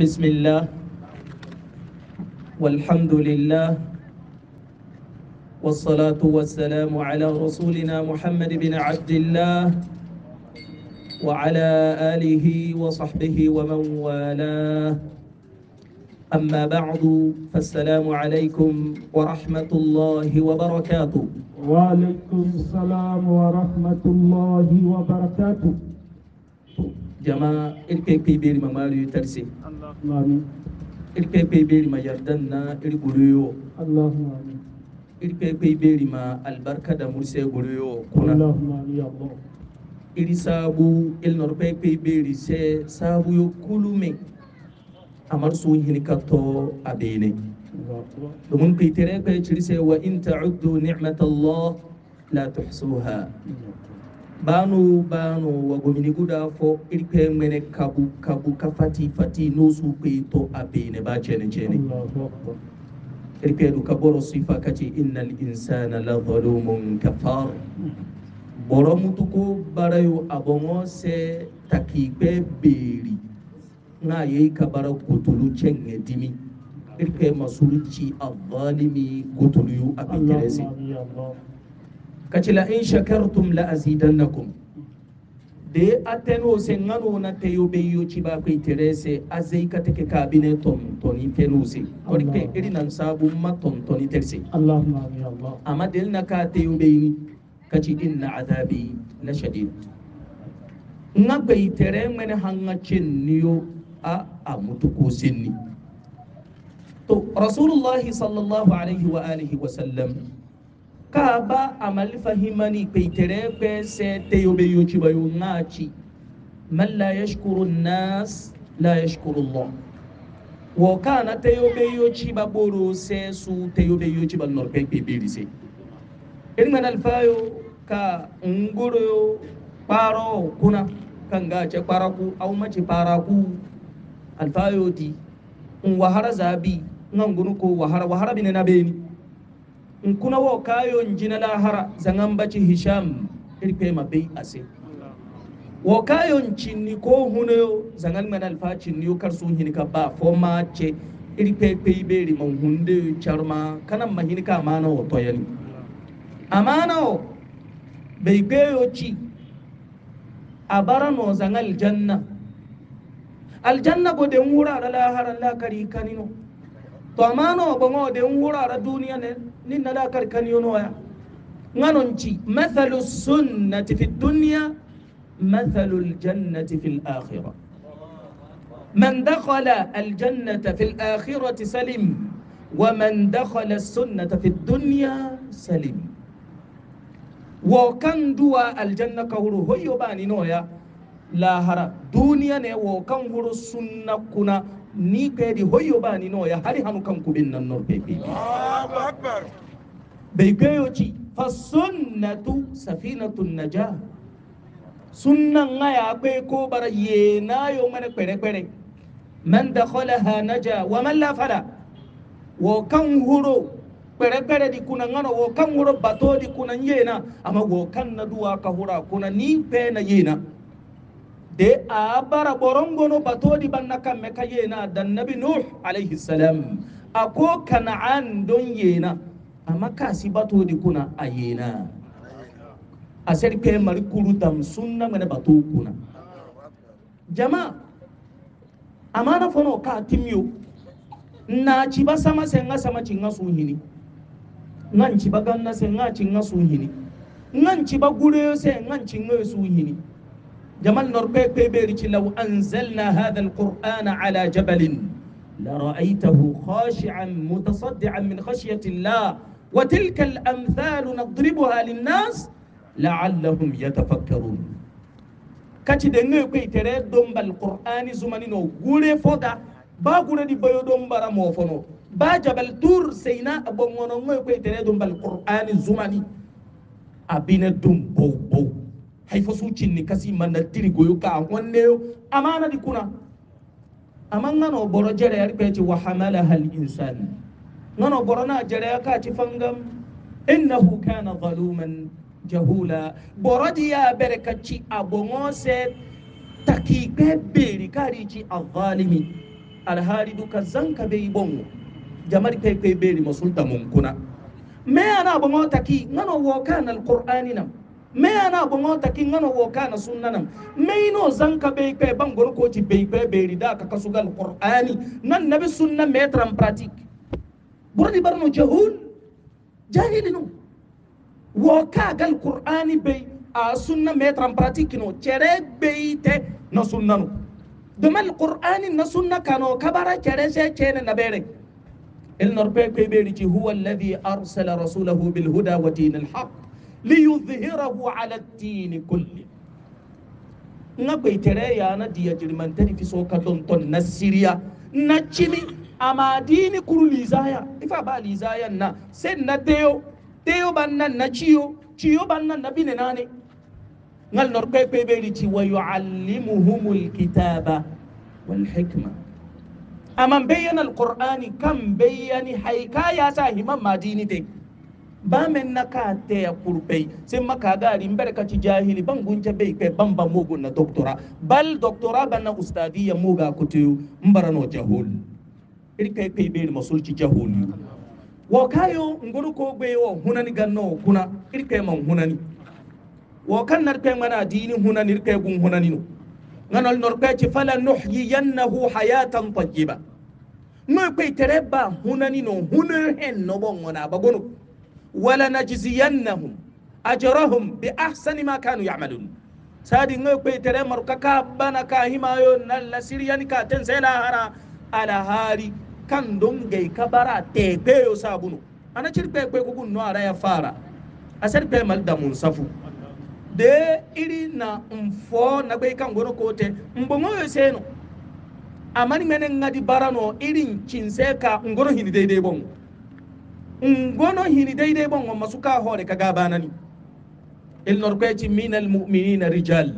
بسم الله والحمد لله والصلاة والسلام على رسولنا محمد بن عبد الله وعلى آله وصحبه ومن والاه أما بعد فالسلام عليكم ورحمة الله وبركاته وعليكم السلام ورحمة الله وبركاته jama ilpepe beri mamaru yu tarse ilpepe beri ma yardan na ilguruyo ilpepe beri ma albarka da murse guruyo kuna iri sabu ilnorpepe beri se sabu yo kulume amar su hinikato abene domin kai tere kai cirse wa in ta'uddu ni'matallahi la tuhsuha banu banu wagomini guda fo irke mene kabu kabu ka fati fati no su pe to abe ne ba cene cene irke du ka boro sifa kace innal insana la zalumun kafar boro mutuko barayo abongo se takipe beri na yayi ka kutulu cenge dimi irke masulci azzalimi kutulu yu abin keresi كتلا إن شكرتم لا أزيدنكم دي أتنو سنغنو نتيو بيو تبا كي ترسي أزي كتك كابينة توم توني تنوسي كوريك إرين أنسابو ما توم توني ترسي اللهم ما بي الله أما دلنا كاتيو بيني كتلا إن عذابي لشديد نبي ترين من هنغتشن نيو a amutuku sinni to rasulullahi صلى الله عليه واله وسلم kaaba amalifa himani peitere kwese teyobe yochiba yongachi man la yashkuru nnas la yashkuru llah wokana teyobe yochiba boro sesu teyobe yochiba norpe pebirise eringan alfayo ka ngoroyo paro kuna kangache paraku au machi paraku alfayo ti nwahara zabi ngangunu ko wahara wahara binena beni nkuna wo kayo njina lahara zangambaci hisham ma mabai ase wo kayo ncinni ko hunayo zangal man alfa cinni sun hin ka ba fo ma ce irpe pei beri man hunde charma kana ma ka mana wo toyani amana wo bai peyo ci abara no zangal janna aljanna de den wurara lahara la kari kanino to amana wo bongo den wurara duniya ne nin لا كركن karkan yonoya nganon ci mathalu sunnati fi dunya mathalu aljannati fi من دخل الجنة في الآخرة سلم ومن دخل السنة في الدنيا سلم وكان دوا الجنة كهرو هو يباني نويا لا هرا دنيا نه وكان هرو سنة كنا ni gadi hoyo ba ni no ya hari hanu kan kubin nan no pepe Allahu akbar bai gayo ci fa sunnatu safinatun najah sunnan ngaya kwe ko bara ye na yo mana kwere kwere man dakhalaha naja wa man la fala wo kan huro kwere kwere di kuna ngano wo kan huro bato di kuna yena ama wo kan na duwa ka hura kuna ni pe na yena de a bara borongono batodi banna kamme ka yena dan nabi nuh alayhi salam ako kana'an don yena amaka si batodi kuna ayena aseri pe serke mari kuru tam sunna mene batu kuna jama amana fono ka timyo na chiba sama senga sama chinga suhini ngan chiba ganna senga chinga cinga suhini ngan ciba gure senga chinga cinga suhini جمال نوربي بيبيريتي لو أنزلنا هذا القرآن على جبل لرأيته خاشعا متصدعا من خشية الله وتلك الأمثال نضربها للناس لعلهم يتفكرون كاتي دنيو كي تري دومبا القرآن زماني نو غوري فودا با غوري دي بيو دومبا موفونو با جبل تور سينا أبو مونو كي تري دومبا القرآن زماني أبين دوم بو بو hay fo sucinni kasi manna tiri goyo ka wonneyo amana di kuna aman ngano boro jere yar peci wa hamalaha al insan ngano boro na jere ka ci fangam innahu kana zaluman jahula boro di ya bere ka ci abongo se taki be beri kari ci azalimi alhali duka zanka be bongo jamari pe pe beri masulta mun kuna me ana bongo taki ngano wo kana al nam me ana bongo taki ngano wo kana sunna nan me no zanka be ban bangon ko ci be pe be rida ka kasu gal qur'ani nan nabi sunna mettre tram pratik burdi barno jahul jahilinu wo ka gal qur'ani be a sunna mettre tram pratik no cere be te na sunna no domal qur'ani na sunna kano kabara cere se cene na bere el norpe pe be ri ci huwa alladhi arsala rasulahu bil huda wa dinil haqq ليظهره على الدين كله نكوي ترى يا أنا دي أجرمنتني في سوكا دونتون نسيريا نتشمي أما ديني كرو ليزايا إفا با ليزايا نا سن نديو تيو بنا نتشيو تشيو بنا نبين ناني نال نركي بيبيريتي ويعلمهم الكتابة والحكمة أما بيّن القرآن كم بيّن حيكاية ساهمة ما ديني تيك bamen na ka teya kurpey semma kagari mbere kati jahili bangunca bey kwe bamba mugu na doktora bal doctora banna ustadiya muga kuteyu mbarano jahul iri kay kay beri masulci jaholi wo kayo nguru ko gwe wo hunani ganno kuna iri kay man hunani wo kan nar kay mana dini hunani iri kay gun hunani no nganol nor kay ci fala nuhyiyannahu hayatan tayyiba no kay tereba hunani no hunu hen no bon ngona walanajziyannahum ajrahum bi ahsani ma kanu ya'malun sadi ngoy pe tere mar kaka bana ka himayo nan la siriyani ka ten sai la hara ala hari kan don gai kabara te pe yo sabunu ana cirpe pe ko gunno ara ya fara asar pe mal da mun safu de iri na mfo na bai kan gono kote mbongo yo seno amani menen ngadi barano irin cinse ka ngoro hini dai dai bongo ngono hini daidai bon masu ka hore kaga banani il norkweci min al mu'minina rijal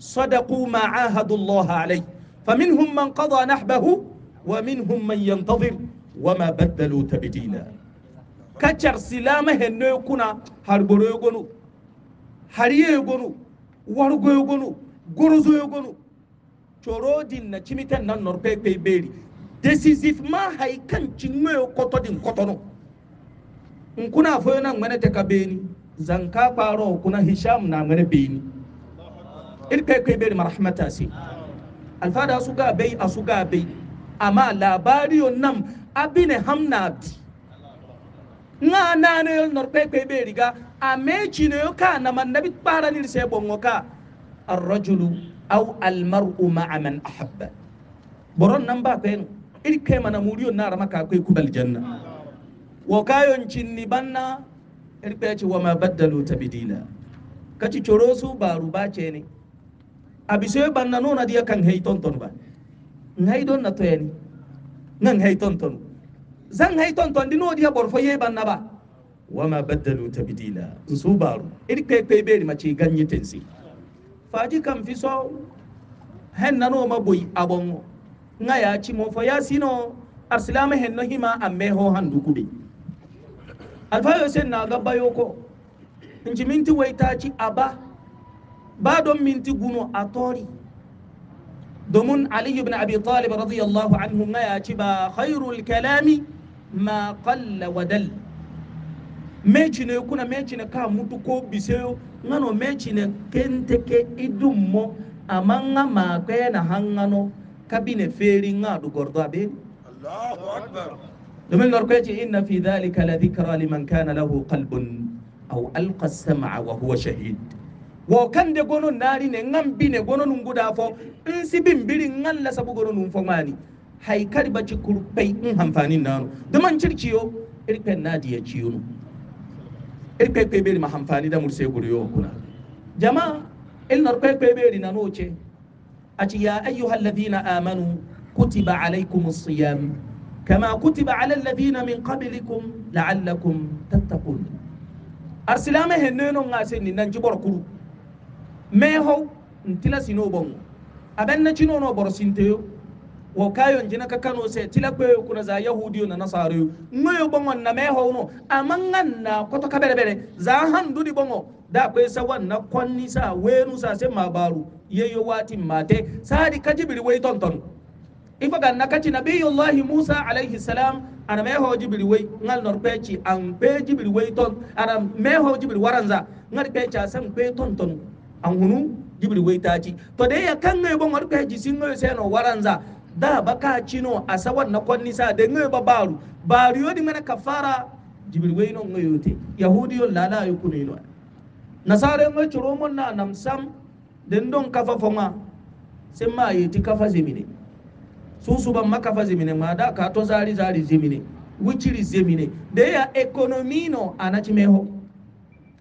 صدقوا ما عاهدوا الله عليه فمنهم من قضى نحبه ومنهم من ينتظر وما بدلوا تبديلا كتر سلامة هنو يكون هربرو يغنو هريه يغنو ورغو يغنو غرزو يغنو coro din na cimita nan norpe pe beri decisivement hay kan cinŋoyo koto din kotono kuna foyo na ngmene teka beni zanka kparo kuna hisham na ngmene beni il kai kai beni marhamata si alfada asuga bai asuga bai amma labari nam abine hamna bi na na ne nor kai kai beri ga amechi ne yo ka na man nabi para ni se bongo ka arrajulu aw almar'u ma'a man ahabba boron nan ba kai il kai mana muriyo na ramaka kai kubal janna wakayon cinni banna irkeci wa ma baddalu tabidila kaci coro baru ba ce ne abise banna nona dia kan hay tonton ba ngai don na toyani nan hay tonton zan hay tonton dino dia borfo ye banna ba wa ma baddalu tabidila su baru irkeci be machi ci ganye tensi faji kan fi so hen nano ma boy abongo ngaya ci mo fo arsilama hen hima amme ho alfayo sen na gaba yoko inji minti waitaci aba ba don minti guno a tori domin ali ibn abi talib radiyallahu anhu ma ya ci ba khairul kalami ma qalla wa dal meci ne kuna meci ne ka mutu ko biseyo ngano meci ne kente ke idummo amanga ma kwe hangano kabine feri ngadu gordo abeni Allahu akbar دومين نركيجي إن في ذلك لذكرى لمن كان له قلب أو ألقى السمع وهو شهيد وكان دي قونو ناري نغم بي نغونو نمغو دافو انسي بيم بيلي نغن لسابو قونو نمفو ماني هاي كاربا جكور بي نغن نانو دومين چركيو إلقى نادي يجيونو إلقى كي بيلي ما همفاني دا مرسي قريو كنا جماعة إلنا ركي كي بيلي نانوچي أتي يا أيها الذين آمنوا كتب عليكم الصيام كما كتب على الذين من قبلكم لعلكم تتقون أرسلامه هنونو غاسين ننجبر كرو ميهو نتلا سينو بونو أبن نجنو نو برسينتيو wakayon jina ka kano sai tilakwe kuna za yahudiyo na nasariyo ngoyo bongo na meho no amanga na koto ka bere bere za handu di bongo da kwe sa wanna konni sa wenu sa sai mabaru yeyo wati mate sadi kajibiri wai tonton na na biyu Allahi musa alaihi salam ana meho jibiri wai ngal nor peci an peci jibiri wai ton ana meho jibiri waranza ngal peci san pe ton ton an hunu jibiri wai ta ci. to dai ya kan ngai bon warka ji sin ngai sai no waranza da ba k'a ci n'o, a sawan na konni sa da ngai ba baru yau yodi mana kafara jibiri wai no ngai yote yahudi yon lala yukunu ino nasare ngai churo mon na namsam den don kafa foma sai ma yiti kafa zemine sunsuba makafa zimine mwada kato zali zali zimine wichiri zimine deya ekonomino anachimeho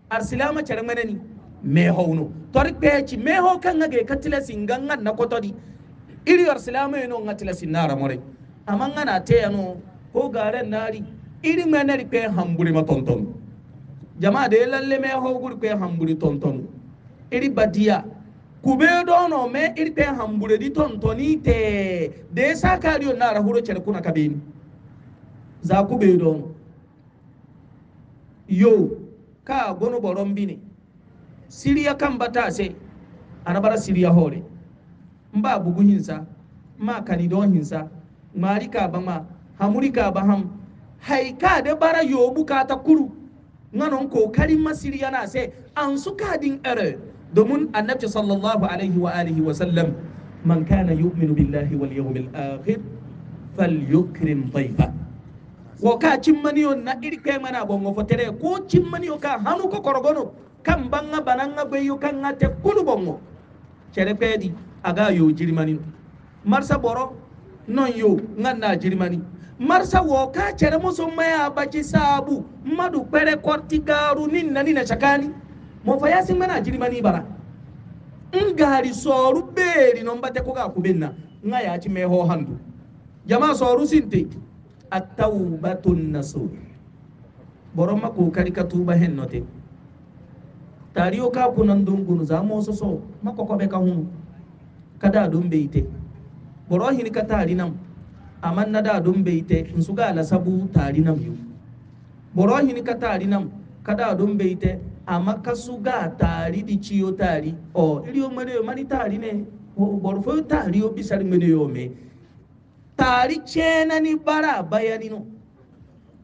arsilama charangmanani meho uno tori pechi meho kanga ge katila singanga nakotodi ili arsilama yeno ngatila sinara more amanga na te ano ko nari ili mwenari pe hamburi matonton jamaa de lalle meho guri pe hamburi tonton ili badia kubedo dono me te hambure di ton te de sa kariyo na rahuro chere kuna kabini za kubedo dono yo ka gono boron bine siriya kan bata se anabara siriya hore mba bugu hinsa ma kani hinsa mari ka ba ma hamuri ba ham hai de bara yobu bukata kuru nganon ko kari masiriya na se an su kadin error domin annabi sallallahu alaihi wa alihi wa sallam man kana yu'minu billahi wal yawmil akhir falyukrim dhayfa wo ka cimmaniyo na irke mana bongo fotere ko cimmaniyo ka hanu ko korogono kan banga bananga beyo kan ngate kulu bongo cere pedi aga yo jirimani marsa boro non yo nganna jirimani marsa wo ka cere muso maya baci sabu madu pere kortigaru ninna nina chakani mo fa yasin mana jiri mani bara ngari soru beri non bate ko ga ku nga ya ci me handu jama soru sinte at-taubatun nasuh boroma ko kali ka tuba hen note tariyo ka kunan dungunu za mo soso makoko be ka hunu kada dum beite boro hin ka tari nam aman na dum beite in la sabu tari nam yu boro hin ka tari nam kada dum beite amakasuga tari di ciyo tari o iriyo mane yo mani tari ne boro fo tari yo bisari mene yo me tari cena ni bara bayani no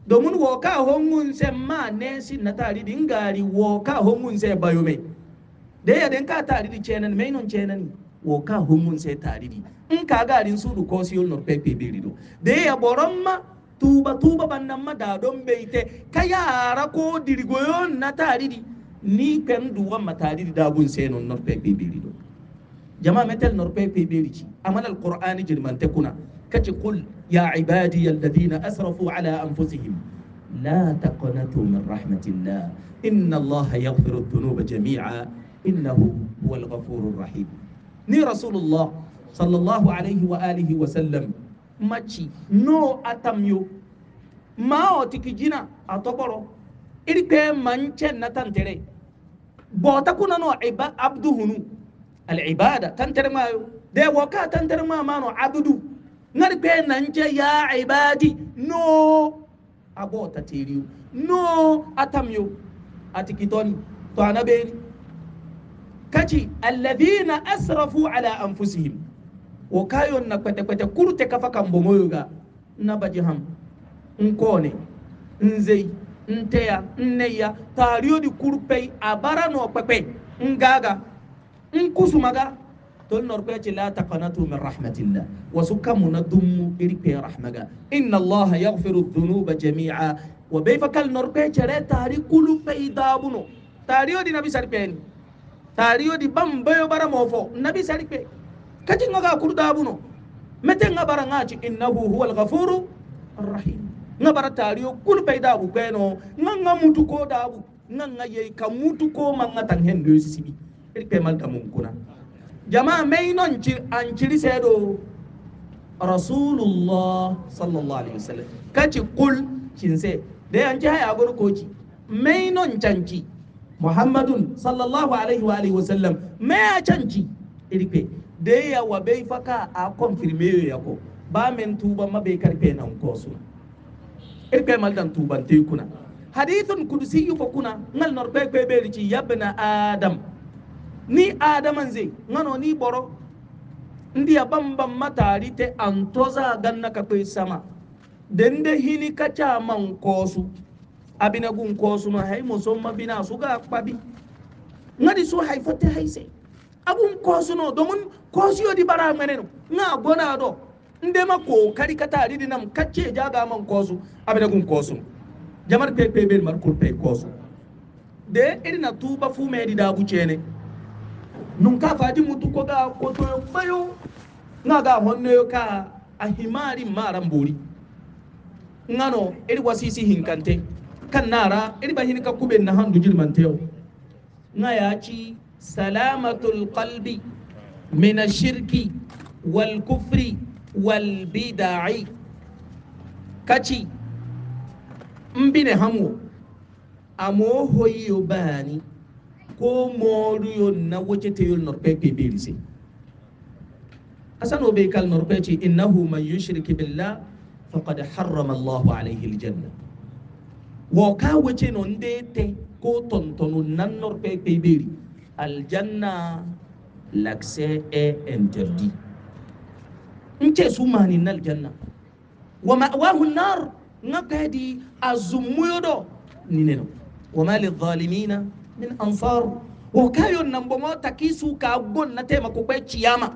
domun woka hongun se ma ne na tari din gari woka hongun se bayo me da ya den ka tari di cena me non cena ni woka hongun se tari di in ka garin sudu ko siyo no pepe birido da ya boron ma tuba tuba bannan ma da don bai te ko dirgoyon na tari di ni kan wa matari da gun sai non norpe biri do jama'a metal norpe biri ci amal alqur'ani jilmante kuna kace kul ya ibadi alladhina asrafu ala anfusihim la taqnatu min rahmatillah inna allah yaghfiru dhunuba jami'a innahu huwal ghafurur rahim ni rasulullah sallallahu alayhi wa alihi wa sallam machi no atamyo ma otikijina atoboro pe manche natantere bota kuna no abduhunu alibada tantar mayo de woka tantar ma mano abdu ngar pe nanje ya ibadi no abota teriyo no atamyo atikitoni to anabeni kaci alladhina asrafu ala anfusihim wo kayon na kwete kwete kurte kafa kan bomoyoga na baji ham nkone nzei nteya nneya taariyodi kurpey abara no pepe ngaga nkusumaga tol norkuyaci la taqanatu min rahmatillah wasukka muna dummu irikpeye rahmaga inna allaha yagfiru dhunuba jamica wa bei fa kal norkuyacere taari kulu pey daabuno taariyodi nabi saripeyeni taariyodi bambeyo bara moofo nabi saripe kacinga kuru daabuno mete nga bara ngaci innahu huwa alghafuru arrahim nga bara tariyo kul bai da bu beno nga nga mutu ko da bu nga nga ye ka mutu ko ma nga tan hen do sibi irpe mal ta mun kuna jama'a mai non ci sedo rasulullah sallallahu alaihi wasallam kaci kul cinse De an ci haya gon koci mai non canci muhammadun sallallahu alaihi wa alihi wasallam mai a canci pe. De ya wa bai faka a confirme ya ko ba men tuba mabai karfe nan irkay mal dan tuban te kuna hadithun kudusi fa kuna ngal nor be be be ci yabna adam ni adaman ze ngano ni boro ndiya bambam matari te antoza ganna ka kwe sama dende hini kacha man kosu abina gun kosu ma hay musomma bina suga kpabi ngadi so hay fotte hay se agun kosu no domun kosu di bara ngene no nga bona do ndema kokari katari dinam kacce jaga man kosu abena gun kosu jamar pe pe be mar kul pe kosu de irina tuba fu me da bucene nun ka faji mutu ko ga ko to bayo na ga honno ka ahimari maran bori ngano iri wasisi hinkante kan nara iri bahin ka kuben na handu jilmanteo ya ci salamatul qalbi min ashirki wal kufri والبدعي كتي مبين همو أمو هو يباني كو مولو يونا وچتي يونر بيبي بيلزي أسان وبيك المربيتي إنه من يشرك بالله فقد حرم الله عليه الجنة وكا وچنون ديتي كو تنتنو ننر بيبي بيلي الجنة لكسي اي انتردي nce su mani nal janna wa ma'wahu an-nar ngakadi azumuyodo nineno wa ma lidh-dhalimina min ansar wo kayo nambomo takisu ka gon na tema ko kwe chiyama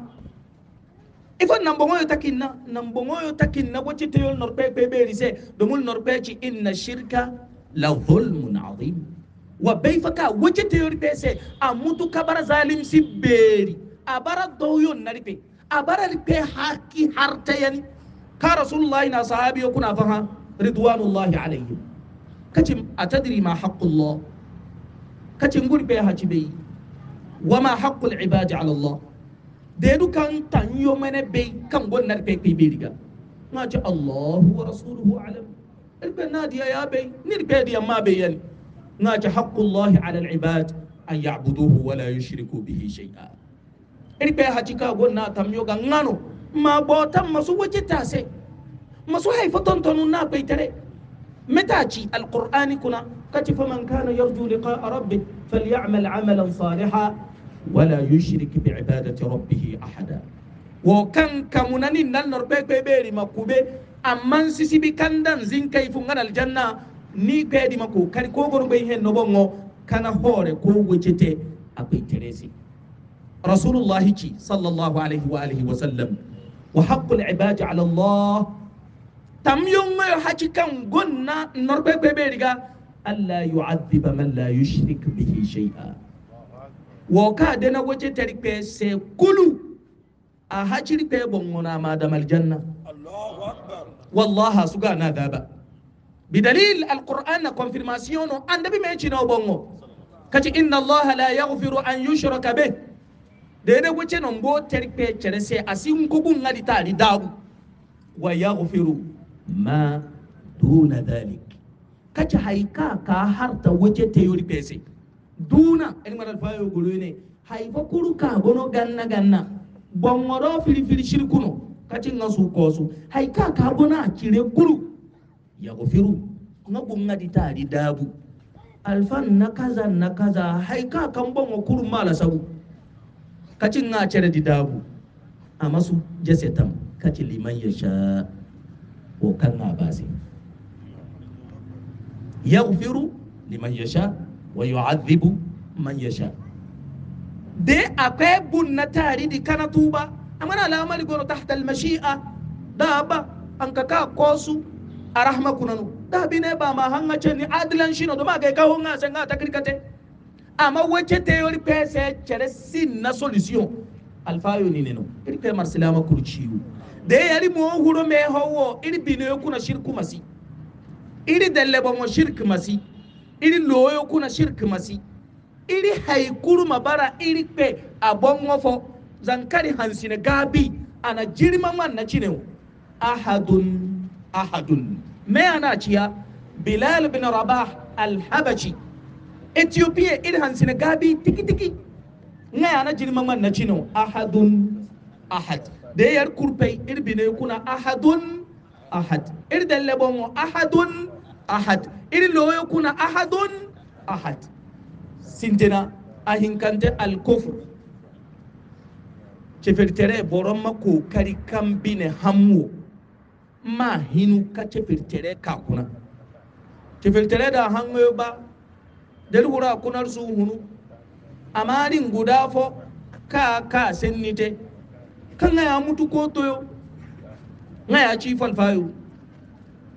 ifo nambongoyo takinna nambongoyo takinna bo citeyol norpe pe beri se domul norpe ci inna shirka la dhulmun azim wa bay faka wo se amutu kabara zalim si beri abara doyo naripe أبرا لبي حكي حرتين كرسول الله إن صحابي يكون أفها رضوان الله عليه كتم أتدري ما حق الله كتم قول بي حجبي وما حق العباد على الله دينو كان تن يومين بي كم قول نربي بي بيرغا ما جاء الله ورسوله أعلم البنا دي يا بي نربي دي ما بي ناجح يعني. حق الله على العباد أن يعبدوه ولا يشركوا به شيئا ni pe ha chika go na tam yo ga ma bo tam ma su ta se ma hay foton tonu na pe tere meta chi alquran kuna kati fa man kana yarju liqa rabbi falyamal amalan salihan wala yushrik bi ibadati rabbih ahada wo kan kamunani nan nor be be be ri makube amman sisi bi kandan zin kai fu ngal aljanna ni gadi mako kari ko gorbe hen no bongo kana hore ko wuje te teresi رسول الله كي صلى الله عليه وآله وسلم وحق العباد على الله تم يوم حكي كان قلنا نربك ببيرغا ألا يعذب من لا يشرك به شيئا وكادنا وجه تريك سي كلو a haciri pe bongona madam aljanna wallaha suga na daba بدليل القرآن كونفيرماسيون أن دبي ما يجينا بونغو كتي إن الله لا يغفر أن يشرك به dede wace cheno mbo terpe cherese asin kugu ngadi tali dagu wa yaghfiru ma duna dhalik kacha haika ka harta wace te yuri pese duna en maral fayo gulu ne haifa kuru ka gono ganna ganna bongoro fili fili shirkuno kachi ngasu kosu haika ka gona kire kuru yaghfiru ngabu ngadi tali dabu alfan nakaza nakaza haika kan bongo sabu kacin na di dabu a masu jesetan kacin liman ya sha kokan na basi ya ufiru liman ya sha wa yu'adhibu man ya sha de akwai na tari di kana tuba a mana lamari gono ta al-mashi'a da ba an ka ka kosu a rahama kunanu da bi ne ba ma hanga ce ni adilan shi no a ma ga kawo nga san ga takrikate ama wocete yori pese cere sinna solution alfayo nineno iri pe marsilama kurciyu de yari mo huro me howo iri binoyo kuna shirku masi iri dellebomo shirk masi iri loyo kuna shirk masi iri haikuruma bara iri pe abongo fo zankari hansine gabi ana jirma man na cinewu ahadun ahadun me ana ciya bilal bin rabah alhabashi ethiopia ir hansina gabi tiki tiki ngaya na jirma man na chino ahadun ahad da yar kurpai ir bine kuna ahadun ahad ir dalle bongo ahadun ahad ir loyo kuna ahadun ahad a ahinkante alkufr cefirtere boron ma kookari kan bine hamwo ma hinu ka cefirtere kakuna cefirtere da hangoyo ba del wura kunar su hunu amarin guda fo ka ka sennite kan ya mutu ko toyo nga ya ci falfayo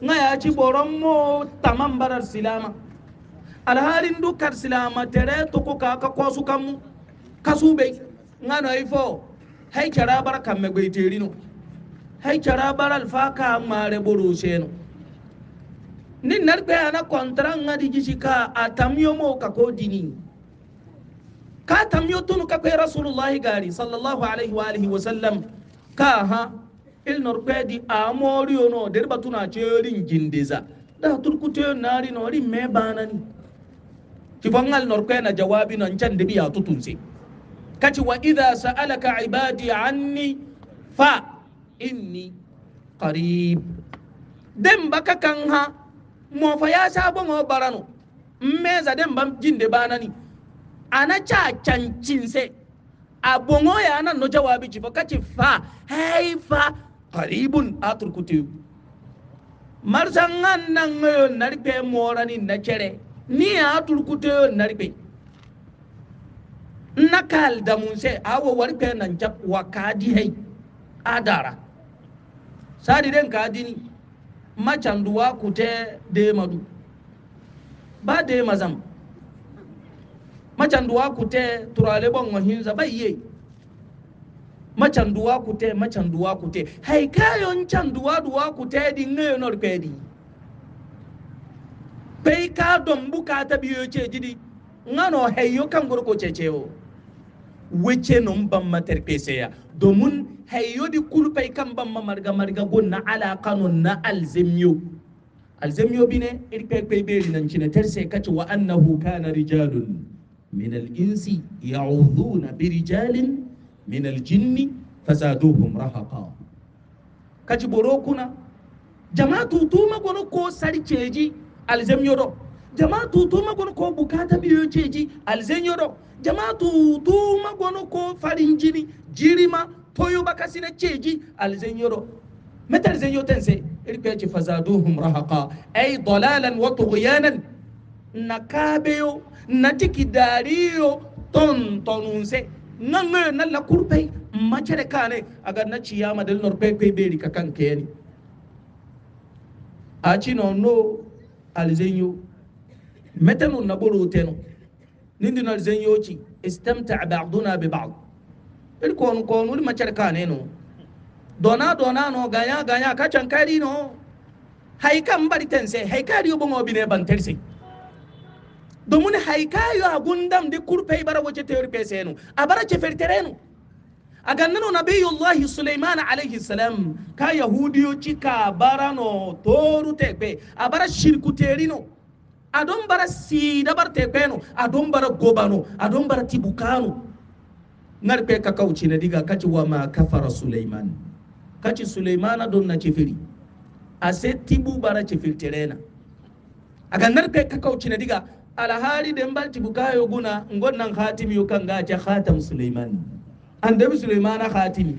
nga ya ci boron mo tamam barar silama alhalin dukkan silama tere to ko ka ka kosu kanmu kasu be nga no ifo hay kara bar me gbe hay kara bar alfaka mare boro seno ni narbe ana kontra nga di jisika atamyo mo ka ko dini ka tamyo tunu kako rasulullahi gari sallallahu alaihi wa alihi wa sallam ka ha il norbe di amori ono der batuna cherin jindiza da turku te nari nori me bana ni ki bangal norbe na jawabi nan can dibi ya tutunse kaci wa idha sa'alaka ibadi anni fa inni qarib dem baka kan ha mo fa ya sa bon o barano me za den bam jinde banani ana cha chancinse abongo ya ana no jawabi ci fakati fa hey fa qaribun aturkuti marsangan nan yo narpe morani na chere ni aturkuti narpe nakal da se awo warpe nan jab wakadi hey adara sadi den kadini maccandu wakute dema du ba dema zam maccandu wakute turale ɓongo hinsa ba yiye maccandu wakute maccandu wakute hay kayon candu wadu wakuteɗi ngeyonor kedi pey ka dombu kata ɓiyo ceji ɗi gano heyyo kangoro ko ceceo wece non bamma terpeseya domin di kulpai kan bamma marga marga gon na ala kanon na alzemiyo alzemiyo bine irpepe beri nan cine terse kace wa annahu kana rijalun min al-insi ya'udhuna bi rijalin min al-jinni fazaduhum rahaqa kaci borokuna jama'atu tuma gono ko sarceji alzemiyo do jama'atu tuma gono ko bukata biyo ceji alzenyoro jama'atu tuma gono ko farinjini jini jirima toyo bakasine ceji alzenyoro meta alzenyo tense irpeje fazaduhum rahaqa ay dalalan wa tughyanan nakabeyo natiki dariyo ton tonunse nanga nalla kurpei macere kane agar na ciyama del norpe kwe beri kakan keni achi no no alzenyo متنو نبرو تنو نندنا الزنيوتي استمتع بعضنا ببعض الكون كون ولما تركانينو دona dona no ganya ganya ka cankari no haikan bari tense haikari yo bongo bine ban terse domin haikayo a gundam da kurfai bara wace ta rufe sai a bara ce ferterenu a gannano na bayu Allah Sulaiman alaihi salam ka yahudiyo cika bara no toru tekbe a bara shirku terino adon bara sida bar tekeno adon bara gobano adon bara tibukano narpe ka kauci na diga kaci wa ma kafara suleiman kaci suleiman don na cifiri a se tibu bara cifir terena aga narpe ka kauci na diga alhari da mbal tibukayo guna ngon ngonnan khatimi yukan gace khatam suleiman andabi suleiman khatimi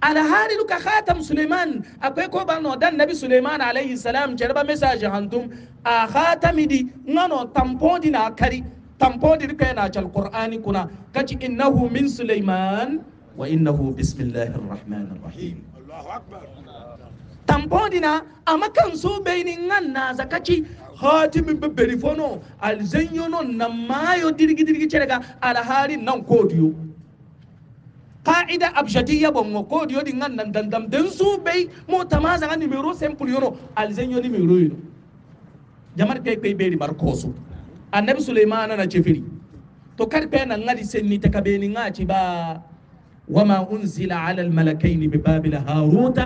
alhali luka khatam suleiman akwai ko ba no dan nabi suleiman alayhi salam jarba message hantum a khatamidi ngano tampodi na kari tampodi kai na cal qur'ani kuna kaci innahu min suleiman wa innahu bismillahir rahmanir rahim allahu akbar tampodi na amakan so beini ngan na zakaci hatimi be berifono alzenyono na mayo dirigi dirigi cerega alhali nan kodiyo قاعدة أبجدية بمقود يودي نان نان دم دم دنسو بي مو تمازا عن نميرو سيمبل يونو الزين يوني ميرو يونو جمال كي كي بيري مركوسو النبي سليمان أنا جفري تو كار بينا نغالي سني تكبيني نغاتي با وما أنزل على الملكين ببابل هاروت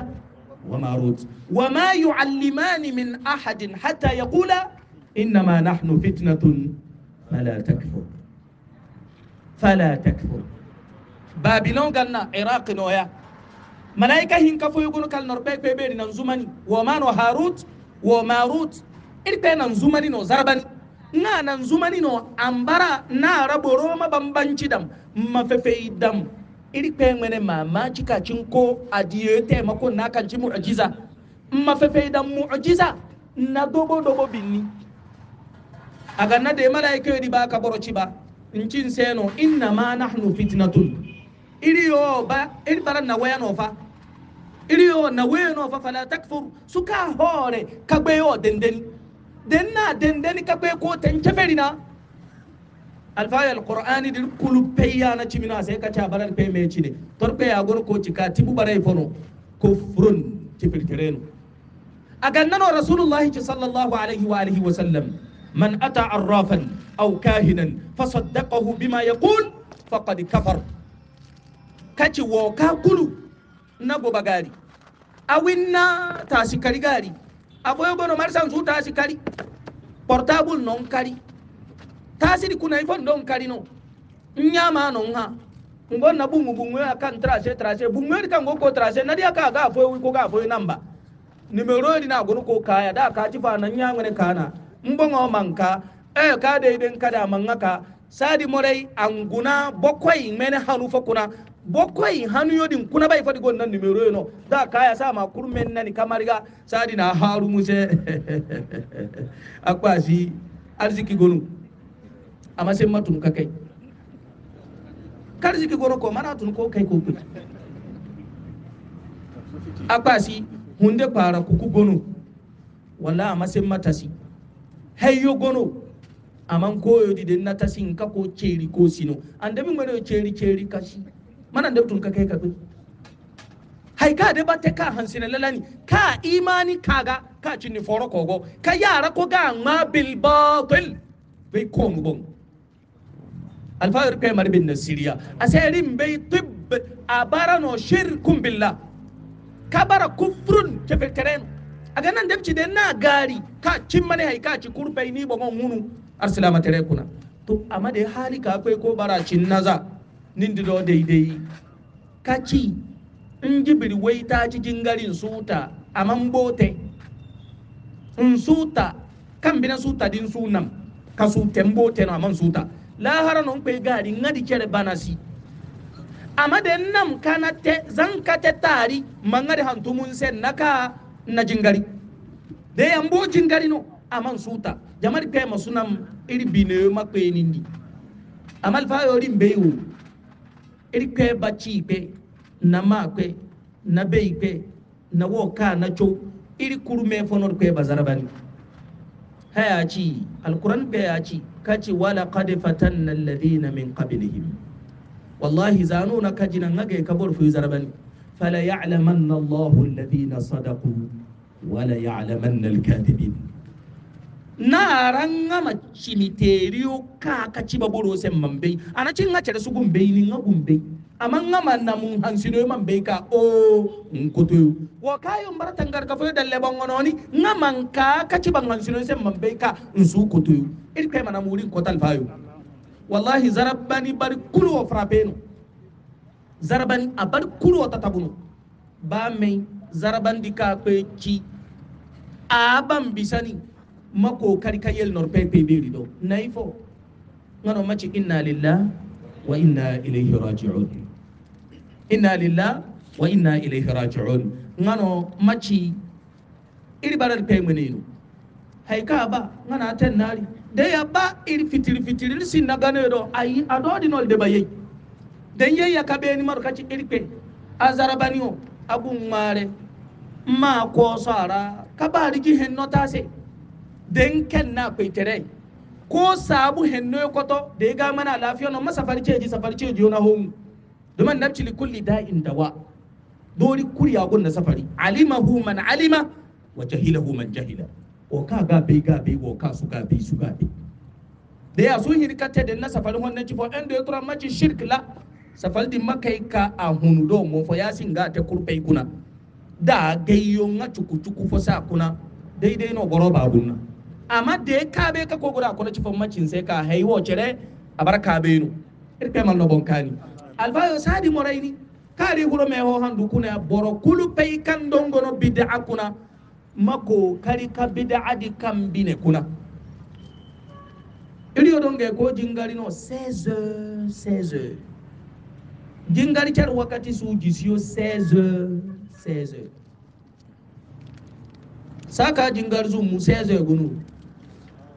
وماروت وما يعلمان من أحد حتى يقول إنما نحن فتنة فلا تكفر فلا تكفر babilon galna iraq noya malaika hin ka foyo gono kal norbe be be nan zumani wa man wa harut wa marut irpe nan zumani no zarban na nan zumani no ambara na raboro ma bambanci dam mafefei dam irpe ngene mamaci ka cinko adiyete mako na kan ci ma mafefei dam mu'jiza na dobo dobo binni aga na de malaika yodi ba ka boroci ba in seno inna ma nahnu fitnatun iri ba iri bara na waya no fa iri na waya no fa fala takfur suka hore kagbe yo denden denna na denden kagbe ko tan kemerina alfaya alqur'ani dir kulu peya na chimina sai ka cha baran pe me ne torpe ya gon ko chika tibu bare fono kufrun tipilterenu أجننوا رسول الله صلى الله عليه وآله وسلم من أتى عرافا أو كاهنا فصدقه بما يقول فقد كفر kaci woka kulu na goba gari awinna tasi kari gari aboyo gono marsan su tasi kari portable non kari tasiri kuna ifon don kari no nyama non ha ngon na bungu bungu ya kan trace trace bungu ya kan goko trace na dia ka ga foyi ko ga foyi namba numero ni na gonu ko ya da ka ci fa nan nyangane kana mbongo manka e ka de den kada mangaka sadi morai anguna bokwai mene hanu kuna bokoi hanu yodin kuna bai fadi gonnan numero no da kaya sa ma kurmen nani kamariga sadi na haru muse akwasi arziki gonu amma sai matun ka kai karziki gonu ko mana tun ko kai ko kai akwasi hunde para kuku gonu wala amma sai matasi hayyo gonu aman koyo di den natasi nka ko ceri ko sino andami ngwano ceri ceri kashi Mana da tun ka kai ka bi hai ka de ka hansina lalani ka imani kaga ka ni foro kogo ka yara ko ga ma bil batil bai ko mu bon alfa'ir kai mar bin nasiriya asarin bai tibb abarano shirkun billah kabara kufrun ke A aga nan ci da na gari ka cin mane hai ka ci kurbai ni bon hunu arsilama tare kuna to amma da hali ka akwai ko bara cin naza nindido daidai kaci in jibir wai ta cikin garin suta a mambote in suta kan bina suta din sunan ka su tembote na man suta lahara non pe gari ngadi kere banasi amma da nam kana te zanka te tari mangari hantumun sen naka na jingari de yambo jingari no aman suta jamar pe masunam iri bine makpe nindi amal fa yori mbeyo erikwe bachi ikpe na makwe na be ikpe na woka na cho iri kurume fonor rikwe bazarabani haya achi alquran be ya ci kaci wala qad fatanna alladhina min qablihim wallahi zanuna kajina ngage kabor fu zarabani fala ya'lamanna allahu alladhina sadaqu wala ya'lamanna alkadhibin naranga ka kaka se mambe anachi chere sugu mbe ni ngagumbe amanga na mun hansino mambe ka o nkutu wakayo mbarata ngarka fo dalle bangononi ngaman ka ka sino se mambe ka nzu kutu irke mana muri kotal fayo wallahi zarabani bar kulu wa frapeno zarabani abar kulu wa tatabuno ba mai zaraban ka kwe ci aban bisani mako kari ka yel nor pepe beri do nay fo ngano maci inna lillah wa inna ilayhi raji'un inna lillah wa inna ilayhi raji'un ngano maci iri barar pe menenu hay ka ba ngana ten nari de ya ba iri fitiri fitiri sin na gane do ayi adodi nol de baye den ye ya kabe ni mar kaci iri pe azarabaniyo agun mare ma ko sara kabari ji hen notase den ken na peitere ko sabu henno e koto de ga mana lafiya no farce ji safar ceji na hon duman na li kulli da'in dawa dori kuri gun na safari alima hu man alima wa hu man jahila o ka ga be ga be o ka su ga be su ga be da ya sun hirkata da na safari wannan ci fo en de tura maci shirk la safari di makai ka a hunu do mo fo yasin ga ta kurbai kuna da gayyon a cuku cuku fo sa kuna daidai no boro babun nan amma de kabe ka kogura kono ci macin sai ka haywo cere abara kabenu irpe man bon kani alfayo sadi moraini kari huro me ho handu kuna boro kulu pay kan dongo no bid'a kuna mako kari ka bid'a di kambine kuna iriyo donge ko jingari no 16 16 jingari char wakati su sio 16 16 saka jingar zu mu 16 gunu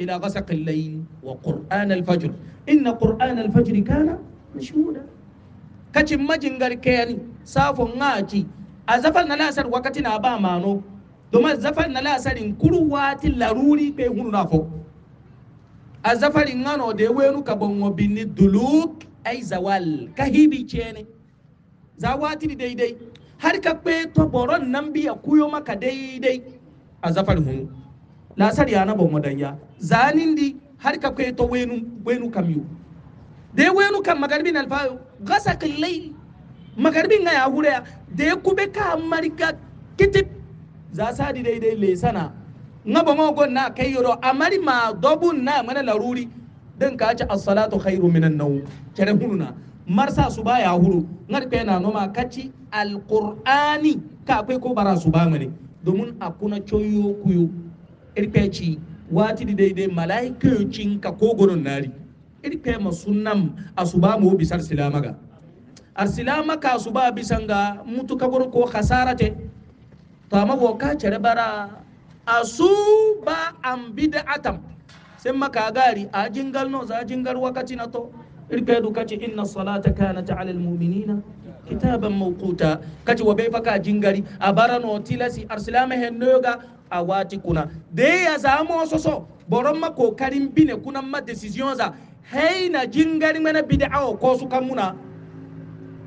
إلى غسق الليل وقرآن الفجر إن قرآن الفجر كان مشهودا كتم مجنجر كياني سافو ناجي أزفل نلاسر وقتنا بامانو دوما زفل نلاسر كل وات لروري بيهون نافو أزفل نانو ديوينو كبنو بني دلوك أي زوال كهيبي تشيني زواتي دي دي har ka kwe to boron nan biya kuyo maka daidai a la sar ya na danya zanin di har ka kai to wenu wenu kamyu de wenu kam magarbin alfa gasa kallai magarbin ga ya ya de kube ka marika kitip za sadi dai le sana na ba ogon na kai yoro amari ma dobun na mana laruri dan ka ci as-salatu khairu minan nawm kare hununa marsa su ba ya huru ngar kai na noma kaci al-qur'ani ka kai ko bara su ba mane domin akuna choyo kuyo irpeci wati di daidai malaikokin ka kogonon nari irpe masunnam asuba mu bisar silamaga arsilama ka asuba bisanga mutu kagon ko khasarate to amma ko ka cere bara asuba am bid'atam sai maka gari a jingal no za jingal wakati na to irpe du kace inna salata kanat ala almu'minina kitaban mawquta kace wa bai faka jingari a bara no tilasi arsilama hennoga a waati kuna de ya zamo soso boron ma kokarin bine kuna ma decision za hay na jingari mana bid'a ko su kan muna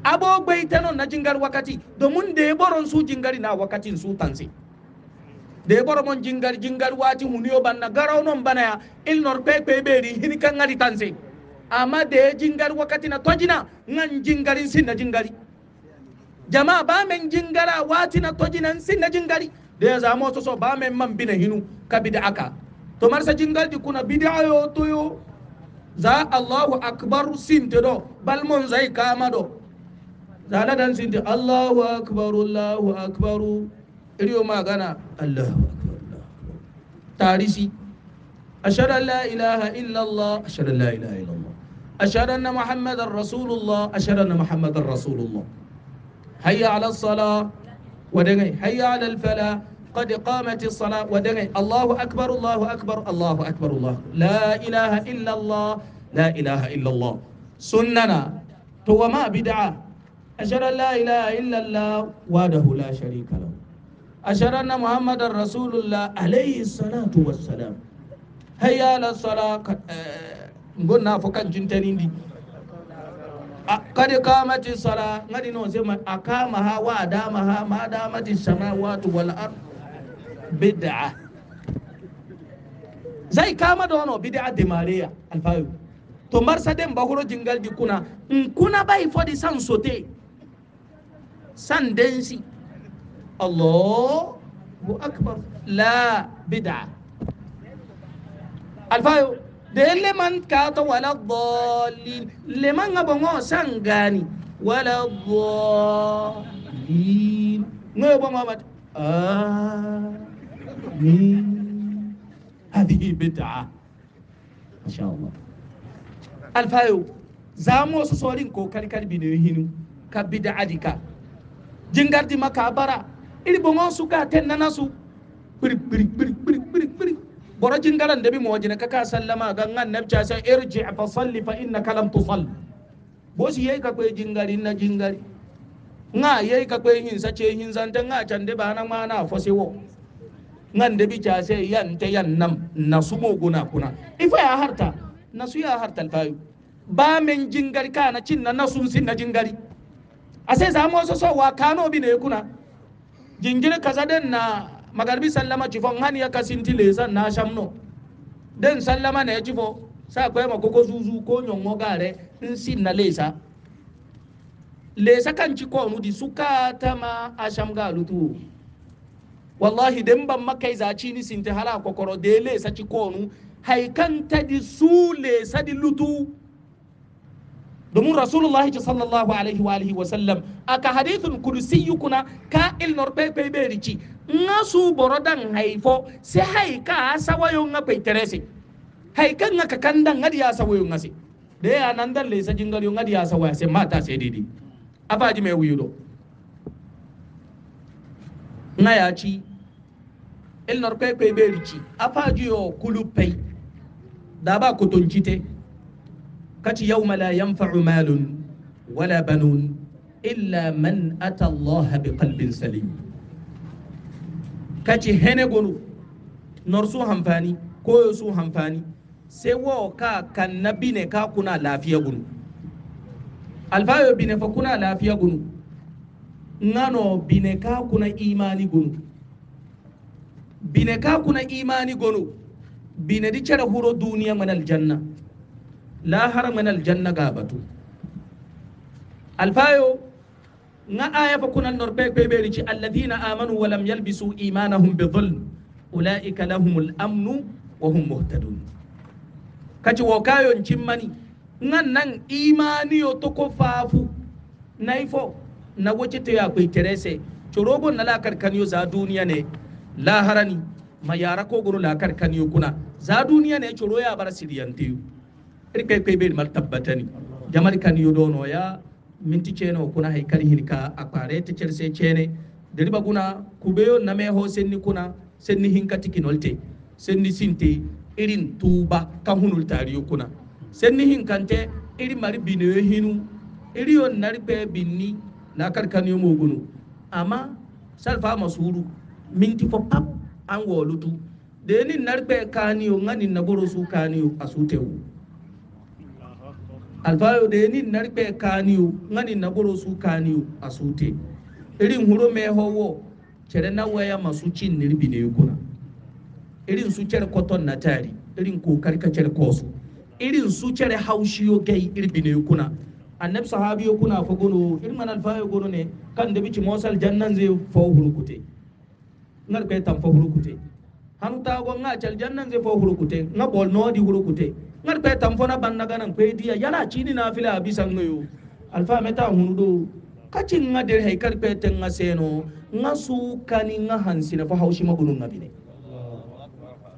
abo gbaitanon na jingar wakati domin da ya boron su jingari na wakatin su tanse da ya boro mon jingar jingar wati huniyo banna garau non bana ya il nor pe pe be ri hini kan ngari tanse amma da ya jingar wakati na tojina ngan jingarin sin na jingari jama'a ba men jingara wati na tojina sin na jingari de za mo so ba men man bine hinu ka bid'aka to mar sa jingal di kuna bid'a yo to yo za Allahu akbar sinte do bal mon zai kama do za na dan sinte Allahu akbar Allahu akbar iriyo magana Allahu akbar tarisi ashhadu an la ilaha illa Allah ashhadu an la ilaha illa Allah ashhadu anna muhammadar rasulullah ashhadu anna muhammadar rasulullah hayya ala salah ودغي هيا على الفلاح قد قامت الصلاة ودغي الله أكبر الله أكبر الله أكبر الله لا إله إلا الله لا إله إلا الله سننا تو ما بدعة أشهد أن لا إله إلا الله وحده لا شريك له أشهد أن محمد رسول الله عليه الصلاة والسلام هيا على الصلاة آه، قلنا فكان جنتين دي قد قامت الصلاة غادي نوزم أقامها وأدامها ما دامت السماوات والأرض بدعة زي كما دونو بدعة دمارية الفاو تو مرسا دم بغرو جنجل دي كنا ان كنا باي فودي سان سوتي سان دنسي الله أكبر لا بدعة الفاو dele man kato wala dhalin le man nga bongo sangani wala dhalin ngayo bongo mat amin hadi bid'a insha Allah alfayo zamo so sori ko kali kali bi ne hinu ka bid'a dika jingardi makabara ili bongo suka tenna nasu pri pri pri borojin garan da bi mo wajina kaka sallama ga ngan nabca sai irji fa salli fa innaka lam tusall bosi ya ka kwe jingari na jingari nga ya ka kwe hin sace hin zanta nga cande bana ma na fose wo ngan da bi ca yan ta yan nam nasu mo guna kuna ifa ya harta nasu ya harta alfayu ba men jingari ka na cin na nasu sin na jingari a sai zamo so so wa kano bi ne kuna jingiri kaza den na magarbi sallama chifo ngani ya kasinti leza na shamno den sallama na chifo sa kwa ma koko zuzu ko nyongo gare nsin na leza leza kan chiko mu di suka tama asham ga lutu wallahi den ban makai za ci ni sinti hala kokoro de leza chiko nu haikan ta di su leza di lutu domin rasulullah sallallahu alaihi wa alihi wa sallam aka hadithun kudusi yukuna ka il norbe bebe rici nga su borodan haifo sai haika sawayo nga peiterese haika nga kakanda nga dia sawayo nga se da ya nan dalle sa jingal yo nga dia sawaya se mata se didi ji mai wuyudo na ya ci il norbe bebe rici ji yo kulupei da ba kotoncite كتي يوم لا ينفع مال ولا بنون إلا من أتى الله بقلب سليم كتي هنغنو نرسو همفاني كويو سو همفاني سيو كا كان نبيني كا كنا لافيا غنو alfayo bine fa kuna lafiya gunu ngano bine ka kuna imani gunu bine ka kuna imani gunu bine di cara huro duniya man aljanna لا haramanal janna gabatu alfayo nga aya fa kunal norbe be be ci alladhina amanu wa lam yalbisu imanahum bi dhulm ulaika lahumul amnu wa hum muhtadun kaci wo kayo cimmani nan imani yo to ko fafu naifo na wace to ya kai terese corogon na lakar kaniyo za duniya ne laharani mayara ko guru lakar kaniyo kuna za duniya ne coro ya bar siriyantiyu irkai kai bai mal tabbatani jamal kan yudo ya minti ceno kuna hay kali hilka akare te cerse cene deriba kuna kubeyo name ho senni kuna senni hinkati kinolte senni sinte irin tuba kan hunul tariyo kuna senni hinkante iri mari bineyo hinu iri yon nari pe binni na karkan yo mogunu amma salfa masuru minti fo pap an wolutu deni nari pe kaniyo ngani nagoro su kaniyo asutewu alfayo da yanin narbe kaniu ngani naboro su a sute irin huro me howo cere na waya masu cin nirbi ne yukuna irin su cere cotton na tari irin kokar ka cere kosu irin su cere yo gai irbi ne yukuna annab yo kuna fa gono irin man alfayo gono ne kan da bici mosal jannan zai fa kute ngar kai tan fa kute han ta go nga jannan zai fa hurkute nga bol no di kute ngar pe tam fona ban naga nan pe dia yana chini na fila abisan ngoyo alfa meta hunudo kaci nga der hay kar pe ten nga seno nga su kani nga hansina fa haushi ma gunun ngabine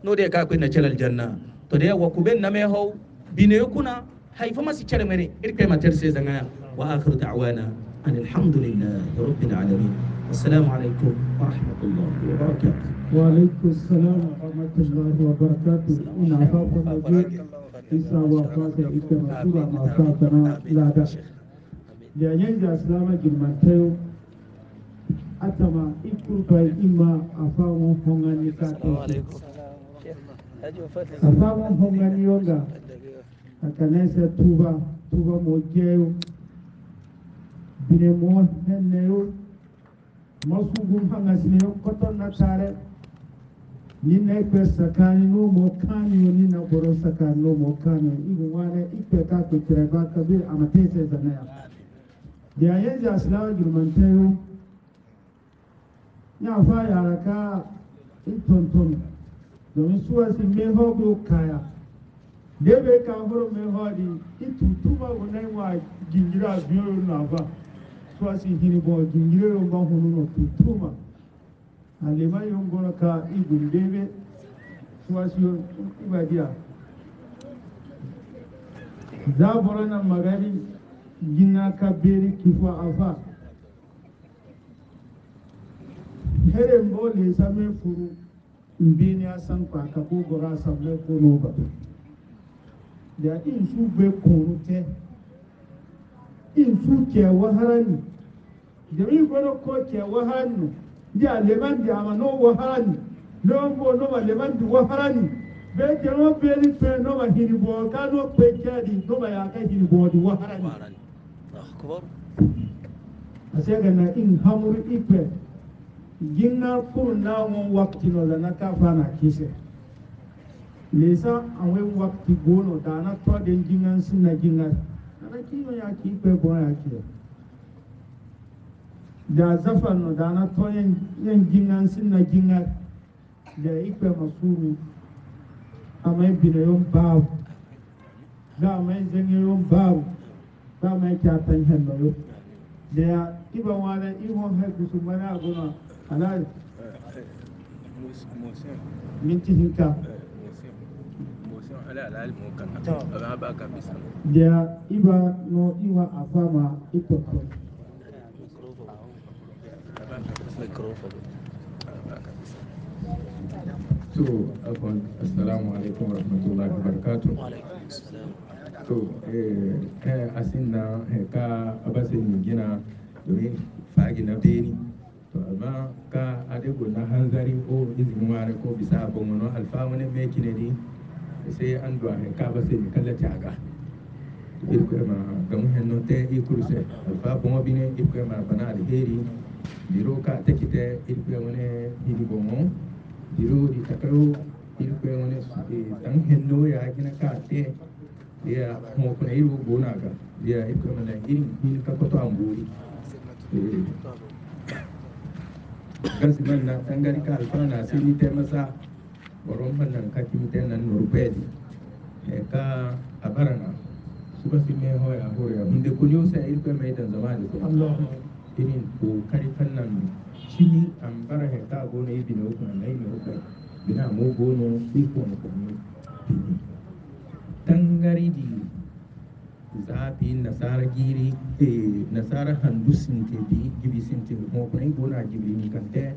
no de ka ko na celal janna to de wa kuben na me haw bine kuna hay fa masi cere mere irke ma terse zanga wa akhiru da'wana an alhamdulillah rabbil alamin السلام عليكم ورحمة الله وبركاته وعليكم السلام ورحمة الله وبركاته إن عفاكم israwa fata ita masu da masu sana lada da yanda islama girman tayo atama ikurfa ima a famun hongani ta tafi a famun hongani yonga a kanesa tuba tuba mo jeyo bine mo henneyo masu gun hanga sine yon koton na tare ni na ikpe sakani n'ụmụ kani oni na gboro sakani n'ụmụ kani ibu nwale ikpe ka kpekere ba kabe amatese zana ya da ya yanzu a silawa girmantayo ya fa yara ka intonton domin suwa si meho go kaya debe ka horo meho di itutuba wunai wa gingira biyo na ba suwa si hinibo gingire ba hunu no tutuma alema yon gono ka igul debe suwasiyon ibadiya zabura na magari gina ka beri kifa afa heren bo le same furu mbini asan kwa ka ko gora sable ko no ba da in su be kurute in su ke waharani jami'i gwada ko ke waharani ja lemandi ama no waharani lombo no ma lemandi waharani be jeno beli pe no ma hini bo ka no pe di no ma ya ka hini bo di waharani akbar asega na in hamuru ipe ginna n'a mo wakti no la na ka na kise lesa awai wakti gono da na to den jingan sinna na ana kiyo ya ki pe bo ya ki da zafarno da na to yan gingan sin na gingan da ikpe masuru amai binayon babu da amai zanyayon babu da amai kyatan hannayo da ya iban wani ihon haifu su mana aguna halal minti hinka da iba no iwa afama ikpekwe microphone. So, assalamu alaikum warahmatullahi wabarakatuh. To, eh, eh, a sin na eh, ka abasin gina domin fagi na beni. To, amma ka adego na hanzari o izinin ware ko bisa abin wani alfa wani mai kinedi sai andwa duwa ka basin kallata ga. Ikwema ga muhennota ikurse alfa kuma bine ikwema bana alheri jiro ka tekite irpe wone hiri bomo jiro di takaro irpe wone tan hendo ya kina ka te ya mo kuna iru bona ga ya irpe wone hiri hiri ka ko to amburi gasi man na tangari ka alfana sai ni te masa boron ka kimi te nan nurbedi e ka abarana suba fi me hoya hoya hunde kunyo sai irpe mai dan zamani ko Allahu irin kokari fannan cini an ambara heta ta gona okuna na na ime okai bina mu gono ikono komi tangari di zafi nasara giri eh, nasara handu ke bi gibi sinte mo kuna gono gona gibi ni kante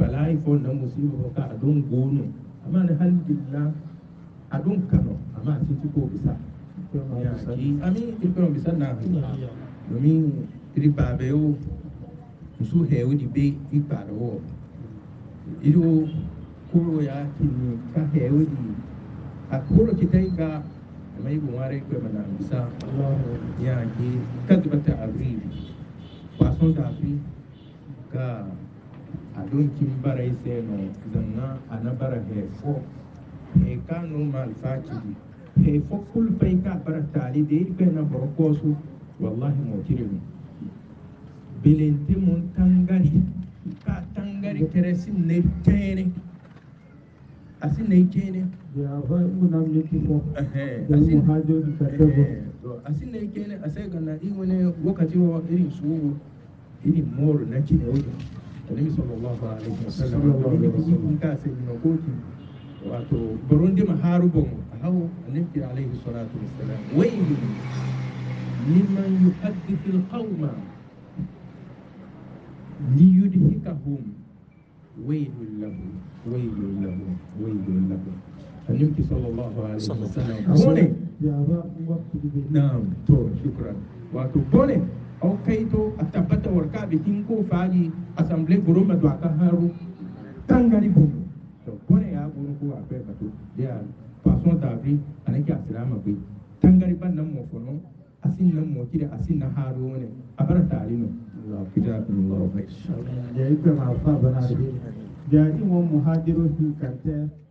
balai fo na musibo ka adon gono amma na halbillah adon kano amma sinti ko bisa ya ami ikon bisa na domin iri kpa o wo muso de bem e parou e iri wo koro ya kini ka hɛ wo de a koro kita yi ka ama yi bon wari kpɛ mana misa ya ke ter duba ta abiri fason ta a don que me yi sɛ nɔ zanna a na bara hɛ fɔ hɛ no mal alifa kiri hɛ fɔ kulu fɛ yi ka bara taali de yi bɛ na belente mun tangari ka tangari keresi ne kene asi ne kene ya fa muna miki mo eh asi hajo di kadebo a asi ne kene asai ganna wani wakati wa irin su irin moro na kine ojo Annabi sallallahu alaihi wasallam sallallahu ka sai no hawo annabi salatu yuhaddithu alqawma liyudhikahum waylun lahum waylun lahum waylun lahum annabi sallallahu alaihi wasallam bone naam to shukran wato bone aw kayto a tabbata warkaɓe tinko faaji assemblé goroma do aka haaru tangari bono to bone ya gono ko a fe bato de d'abri anake a silama tangari ban nan mo fono asin nan mo kire asin na haaru wone a bara no الله خير. يعني كما أصابنا مهاجر في الكرتين